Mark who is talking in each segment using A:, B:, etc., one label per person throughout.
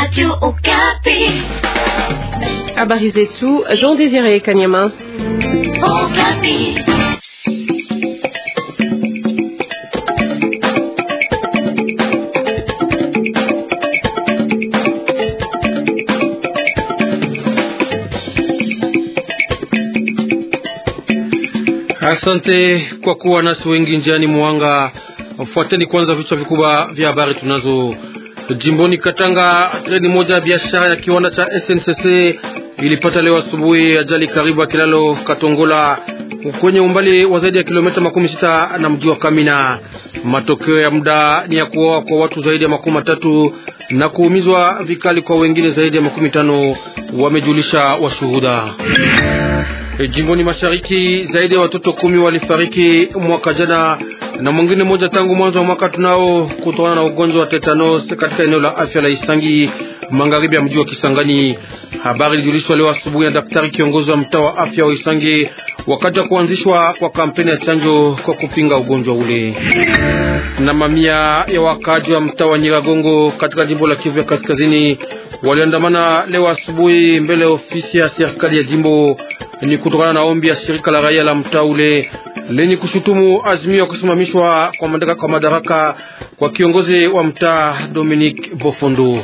A: au Okapi.
B: Habari zetu, Jean Désiré Kanyama. Okapi.
C: Asante kwa kuwa nasi wengi njiani mwanga. Fuateni kwanza vichwa vikubwa vya habari tunazo. Jimboni Katanga, treni moja ya biashara ya kiwanda cha SNCC ilipata leo asubuhi ajali karibu ya kilalo Katongola kwenye umbali wa zaidi ya kilomita makumi sita na mji wa Kamina. Matokeo ya muda ni ya kuoa kwa watu zaidi ya makumi matatu na kuumizwa vikali kwa wengine zaidi ya makumi tano, wamejulisha washuhuda. Jimboni Mashariki, zaidi ya watoto kumi walifariki mwaka jana na mwingine moja tangu mwanzo wa mwaka tunao kutokana na ugonjwa wa tetanos katika eneo la afya la Isangi magharibi ya mji wa Kisangani. Habari ilijulishwa leo asubuhi na daktari kiongozi wa mtaa wa afya wa Isangi wakati wa kuanzishwa kwa kampeni ya chanjo kwa kupinga ugonjwa ule. Na mamia ya wakaaji wa mtaa wa Nyiragongo katika jimbo la Kivu ya Kaskazini waliandamana leo asubuhi mbele ya ofisi ya serikali ya jimbo ni kutokana na ombi ya shirika la raia la mtaa ule lenye kushutumu azimio ya kusimamishwa kwa madaraka, kwa madaraka kwa kiongozi wa mtaa Dominic Bofondo.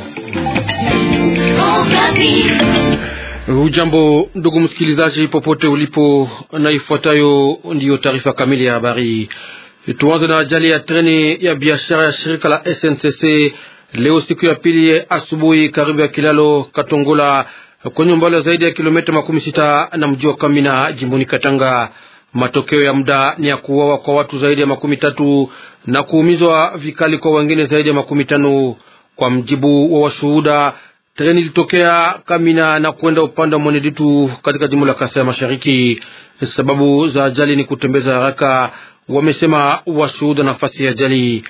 C: Ujambo ndugu msikilizaji, popote ulipo, na ifuatayo ndiyo taarifa kamili ya habari. Tuanze na ajali ya treni ya biashara ya shirika la SNCC leo siku ya pili asubuhi, karibu ya kilalo Katongola kwenye umbali wa zaidi ya kilomita makumi sita na mji wa Kamina jimboni Katanga. Matokeo ya muda ni ya kuuawa kwa watu zaidi ya makumi tatu na kuumizwa vikali kwa wengine zaidi ya makumi tano kwa mjibu wa washuhuda. Treni ilitokea Kamina na kwenda upande wa Mweneditu katika jimbo la Kasai ya Mashariki. Sababu za ajali ni kutembeza haraka, wamesema washuhuda nafasi ya ajali.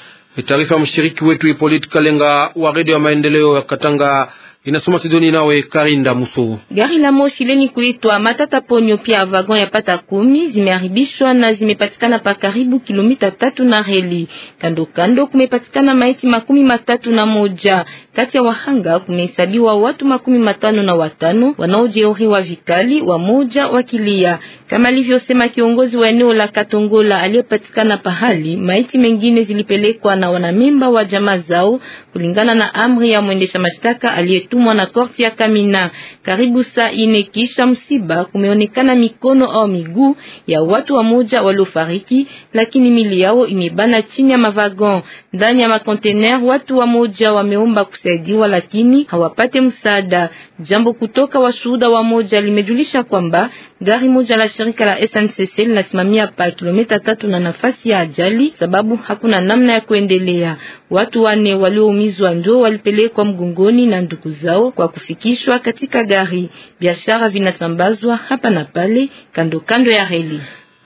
C: Taarifa ya mshiriki wetu Ipolite Kalenga wa redio ya maendeleo ya Katanga inasoma Sidoni nawe Karinda Muso.
A: Gari la moshi leni kuitwa Matata Ponyo, pia vagon ya pata kumi zimeharibishwa na zimepatikana pa karibu kilomita tatu na reli. Kando kando kumepatikana maiti makumi matatu na moja. Kati ya wahanga kumehesabiwa watu makumi matano na watano wanaojeruhiwa vikali, wa moja wakilia, kama alivyosema kiongozi wa eneo la Katongola aliyepatikana pahali. Maiti mengine zilipelekwa na wanamimba wa jamaa zao kulingana na amri ya mwendesha mashtaka aliye iliyotumwa na korti ya Kamina. Karibu saa ine kisha msiba, kumeonekana mikono au miguu ya watu wamoja waliofariki, lakini mili yao imebana chini ya mavagon ndani ya makontener. Watu wamoja wameomba kusaidiwa, lakini hawapate msaada. Jambo kutoka washuhuda wamoja limejulisha kwamba gari moja la shirika la SNCC linasimamia pa kilomita tatu na nafasi ya ajali, sababu hakuna namna ya kuendelea. Watu wane walioumizwa ndio walipelekwa mgongoni na ndugu zao kwa kufikishwa katika gari. Biashara vinatambazwa hapa na pale kando kando ya reli.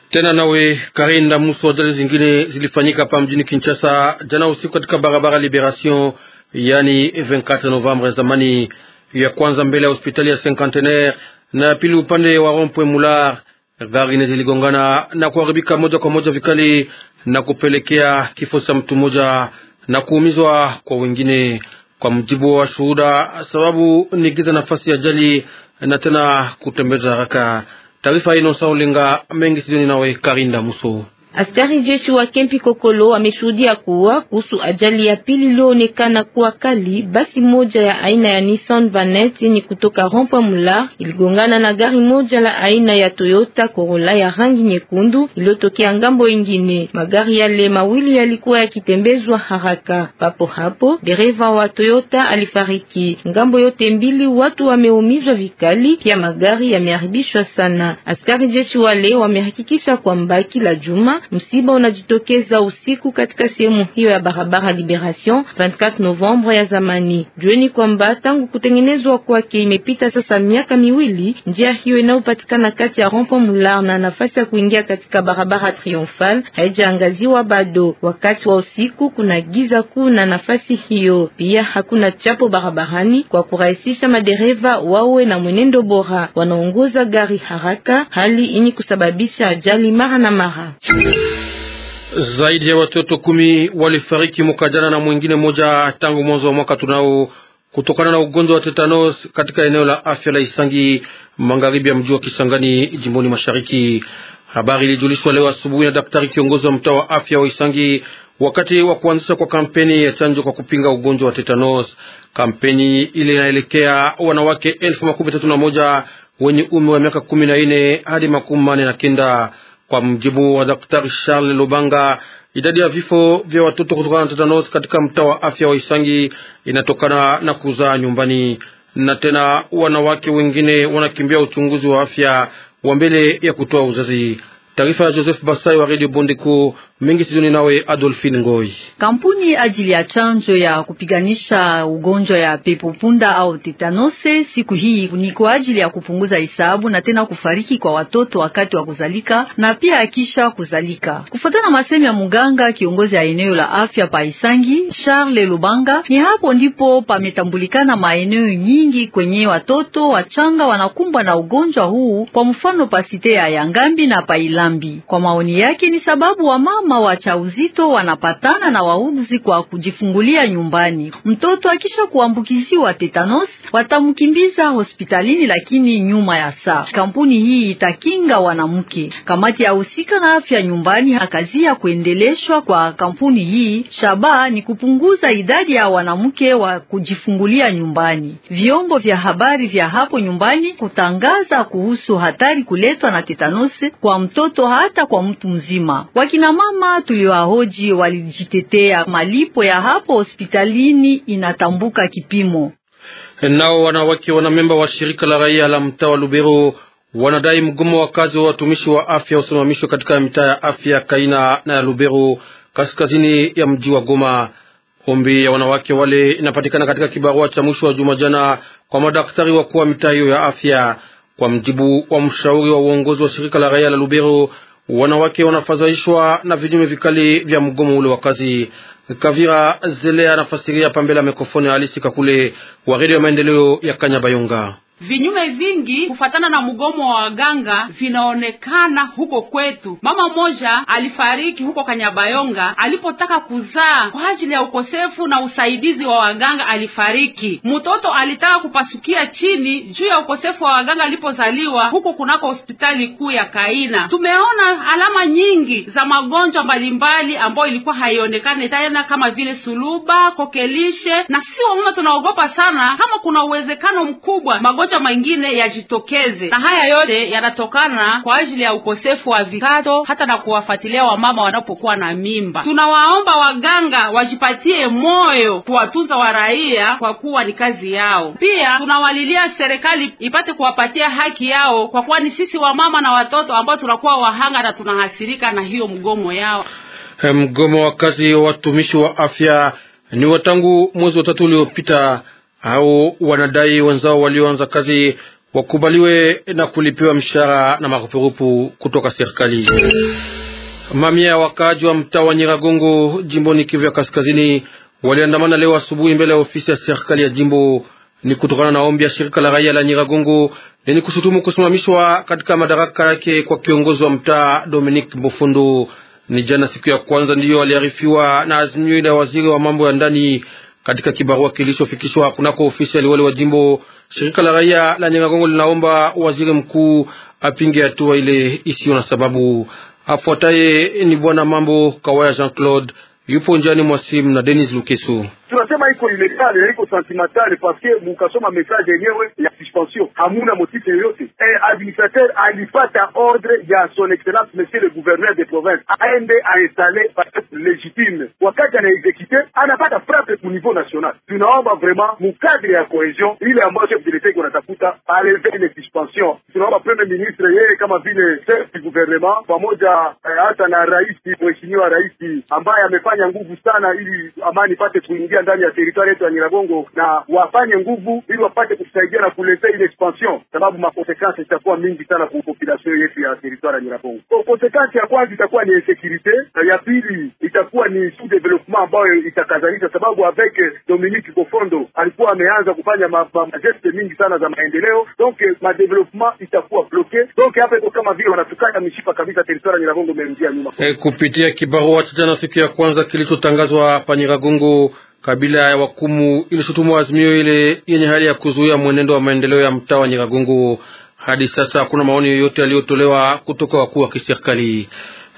C: Tena nawe Karinda Muso, ajali zingine zilifanyika hapa mjini Kinshasa jana usiku katika barabara Liberation, yani 24 Novembre zamani, ya kwanza mbele ya hospitali ya Cinquantenaire na pili upande wa Rompwe Mular. Gari ziligongana na kuharibika moja kwa moja vikali na kupelekea kifo cha mtu mmoja na kuumizwa kwa wengine, kwa mjibu wa shuhuda, sababu ni giza, nafasi ya jali na tena kutembeza haraka. Taarifa inosaulinga mengi sijoni nawe Karinda Muso.
A: Askari jeshi wa kempi Kokolo ameshuhudia kuwa kuhusu ajali ya pili ilioonekana kuwa kali, basi moja ya aina ya Nissan Vanette yenye kutoka Rompa Mula iligongana na gari moja la aina ya Toyota Corolla ya rangi nyekundu iliyotokea ngambo ingine. Magari yale mawili yalikuwa yakitembezwa haraka. Papo hapo dereva wa Toyota alifariki. Ngambo yote mbili watu wameumizwa vikali, pia magari yameharibishwa sana. Askari jeshi wale wamehakikisha kwamba kila juma Msiba unajitokeza usiku katika sehemu hiyo ya barabara Liberation 24 Novembre ya zamani. Jueni kwamba tangu kutengenezwa kwake imepita sasa miaka miwili. Njia hiyo inayopatikana kati ya Rompo Mular na nafasi ya kuingia katika barabara Triomphal haijaangaziwa bado. Wakati wa usiku kuna giza kuu na nafasi hiyo pia hakuna chapo barabarani kwa kurahisisha madereva wawe na mwenendo bora, wanaongoza gari haraka, hali ini kusababisha ajali mara na mara.
C: Zaidi ya watoto kumi walifariki mwaka jana na mwingine moja tangu mwanzo wa mwaka tunao kutokana na ugonjwa wa tetanos katika eneo la afya la Isangi magharibi ya mji wa Kisangani jimboni mashariki. Habari ilijulishwa leo asubuhi na daktari kiongozi wa mtaa wa afya wa Isangi wakati wa kuanzisha kwa kampeni ya chanjo kwa kupinga ugonjwa wa tetanos. Kampeni ile inaelekea wanawake elfu makumi tatu na moja wenye umri wa miaka kumi na nne hadi makumi manne na kenda. Kwa mjibu wa Daktari Charles Lubanga, idadi ya vifo vya watoto kutokana na tetanos katika mtaa wa afya wa Isangi inatokana na kuzaa nyumbani, na tena wanawake wengine wanakimbia uchunguzi wa afya wa mbele ya kutoa uzazi. Taarifa ya Joseph Basai wa Radio Bondeko mengi sizoni nawe Adolphine Ngoi.
D: Kampuni ajili ya chanjo ya kupiganisha ugonjwa ya pepo punda au tetanose siku hii ni kwa ajili ya kupunguza hesabu na tena kufariki kwa watoto wakati wa kuzalika na pia akisha kuzalika. Kufuatana masemi ya muganga kiongozi ya eneo la afya pa Isangi Charles Lubanga, ni hapo ndipo pametambulikana maeneo nyingi kwenye watoto wachanga wanakumbwa na ugonjwa huu, kwa mfano pasite ya Yangambi na paila dhambi. Kwa maoni yake, ni sababu wamama wachauzito wanapatana na wauguzi kwa kujifungulia nyumbani. Mtoto akisha kuambukiziwa tetanos watamkimbiza hospitalini, lakini nyuma ya saa. Kampuni hii itakinga wanamke. Kamati ya husika na afya nyumbani ya kuendeleshwa kwa kampuni hii, shabaha ni kupunguza idadi ya wanamke wa kujifungulia nyumbani. Vyombo vya habari vya hapo nyumbani kutangaza kuhusu hatari kuletwa na tetanos kwa mtoto watoto hata kwa mtu mzima. Wakina mama tuliwahoji walijitetea, malipo ya hapo hospitalini inatambuka kipimo.
C: Nao wanawake memba wa shirika la raia la mtaa wa Lubero wanadai mgomo wa kazi wa watumishi wa afya usimamishwe katika mitaa ya afya Kaina na ya Lubero kaskazini ya mji wa Goma. Ombi ya wanawake wale inapatikana katika kibarua cha mwisho wa juma jana kwa madaktari wakuu wa mitaa hiyo ya afya. Kwa mjibu wa mshauri wa uongozi wa shirika la raia la Lubero, wanawake wanafadhaishwa na vinyume vikali vya mgomo ule wa kazi. Kavira Zelea anafasiria pambele ya mikrofoni ya Alisi Kakule wa redio ya maendeleo ya Kanyabayonga.
B: Vinyume vingi kufatana na mgomo wa waganga vinaonekana huko kwetu. Mama mmoja alifariki huko Kanyabayonga alipotaka kuzaa kwa ajili ya ukosefu na usaidizi wa waganga, alifariki. Mtoto alitaka kupasukia chini juu ya ukosefu wa waganga alipozaliwa huko kunako hospitali kuu ya Kaina. Tumeona alama nyingi za magonjwa mbalimbali ambayo ilikuwa haionekane tena kama vile suluba, kokelishe na sio mama, tunaogopa sana kama kuna uwezekano mkubwa magonjwa magonjwa mengine yajitokeze, na haya yote yanatokana kwa ajili ya ukosefu wa vikato, hata na kuwafuatilia wamama wanapokuwa na mimba. Tunawaomba waganga wajipatie moyo kuwatunza waraia kwa kuwa ni kazi yao. Pia tunawalilia serikali ipate kuwapatia haki yao, kwa kuwa ni sisi wamama na watoto ambao tunakuwa wahanga na tunahasirika na hiyo mgomo yao.
C: Mgomo wa kazi wa watumishi wa afya ni watangu mwezi wa tatu uliopita au wanadai wenzao walioanza kazi wakubaliwe na kulipiwa mshahara na marupurupu kutoka serikali. Mamia ya wakaaji wa mtaa wa Nyiragongo jimboni Kivu ya Kaskazini waliandamana leo asubuhi mbele ya ofisi ya serikali ya jimbo. Ni kutokana na ombi ya shirika la raia la Nyiragongo lenye kushutumu kusimamishwa katika madaraka yake kwa kiongozi wa mtaa Dominic Mbofondo. Ni jana siku ya kwanza ndiyo aliarifiwa na azimio la waziri wa mambo ya ndani katika kibarua kilichofikishwa kunako ofisi ya liwali wa jimbo, shirika la raia la Nyangagongo linaomba waziri mkuu apinge hatua ile isiyo na sababu. Afuataye ni bwana mambo Kawaya Jean Claude yupo njani mwa simu na Denis Lukeso.
E: Tunasema iko ilegale na iko sentimentale paske mukasoma message yenyewe ya suspension hamuna motifu yoyote. Eh, administrateur alipata ordre ya son excellence monsieur le gouverneur de province aende ainstale parquet legitime, wakati anaexekute anapata frappe ku niveau national. Tunaomba vraiment mukadre ya cohesion ile ambayo chef de l'etat iko natafuta aleve ile suspension. Tunaomba premier ministre yeye kama vile chef du gouvernement pamoja eh, hata na rais mheshimiwa rais ambaye amefanya watafanya nguvu sana ili amani ipate kuingia ndani ya teritwari yetu ya Nyiragongo, na wafanye nguvu ili wapate kusaidia na kuleta ile expansion, sababu makonsekansi zitakuwa mingi sana kwa population yetu ya teritwari ya Nyiragongo. Konsekansi ya kwanza itakuwa ni insecurite, na ya pili itakuwa ni sous development ambayo itakazalisha, sababu avec Dominique Gofondo alikuwa ameanza kufanya ma mingi sana za maendeleo, donc ma development itakuwa bloqué, donc hapa iko kama vile wanatukana mishipa kabisa teritwari ya Nyiragongo imerudia nyuma.
C: Hey, eh, kupitia kibarua cha jana siku ya kwanza kilichotangazwa pa Nyiragongo kabila ya wakumu ilishutumu azimio ile yenye hali ya kuzuia mwenendo wa maendeleo ya mtaa wa Nyiragongo. Hadi sasa hakuna maoni yoyote yaliyotolewa kutoka wakuu wa kiserikali.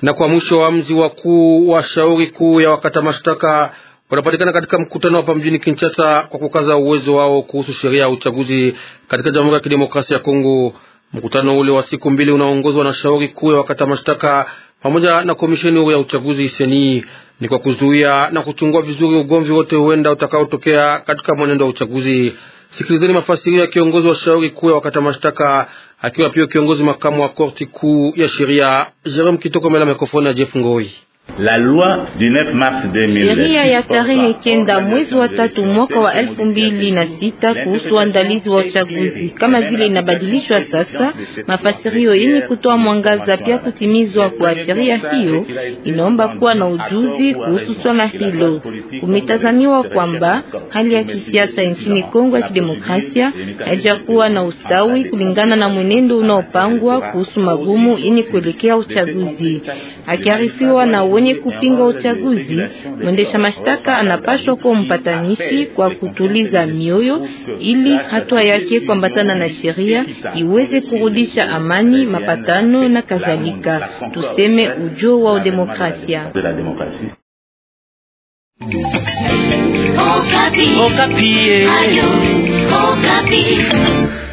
C: Na kwa mwisho, wamzi wakuu wa shauri kuu ya wakata mashtaka wanapatikana katika mkutano hapa mjini Kinshasa kwa kukaza uwezo wao kuhusu sheria ya uchaguzi katika Jamhuri ya Kidemokrasia ya Kongo. Mkutano ule wa siku mbili unaongozwa na shauri kuu ya wakata mashtaka pamoja na komisheni ya uchaguzi seni ni kwa kuzuia na kuchungua vizuri ugomvi wote huenda utakaotokea katika mwenendo wa uchaguzi. Sikilizeni mafasirio ya kiongozi wa shauri kuu ya wakata mashtaka akiwa pia kiongozi makamu wa korti kuu ya sheria Jerome Kitoko ya mikrofoni ya Jeff Ngoi.
E: La loi du 9
C: mars 2000. Sheria
A: ya tarehe kenda mwezi wa tatu mwaka wa elfu mbili na sita kuhusu uandalizi wa uchaguzi kama vile inabadilishwa sasa. Mafasirio yenye kutoa mwangaza pia kutimizwa kwa sheria hiyo inaomba kuwa na ujuzi kuhusu swala hilo. Kumetazamiwa kwamba hali ya kisiasa nchini Kongo ya Kidemokrasia haijakuwa na ustawi kulingana na mwenendo unaopangwa kuhusu magumu yenye kuelekea uchaguzi. Akiarifiwa na we wenye kupinga uchaguzi. Mwendesha mashtaka anapaswa kuwa mpatanishi kwa kutuliza mioyo, ili hatua yake kuambatana na sheria iweze kurudisha amani, mapatano na kadhalika, tuseme ujo wa demokrasia.
B: Okapi. Okapi.
D: Eh.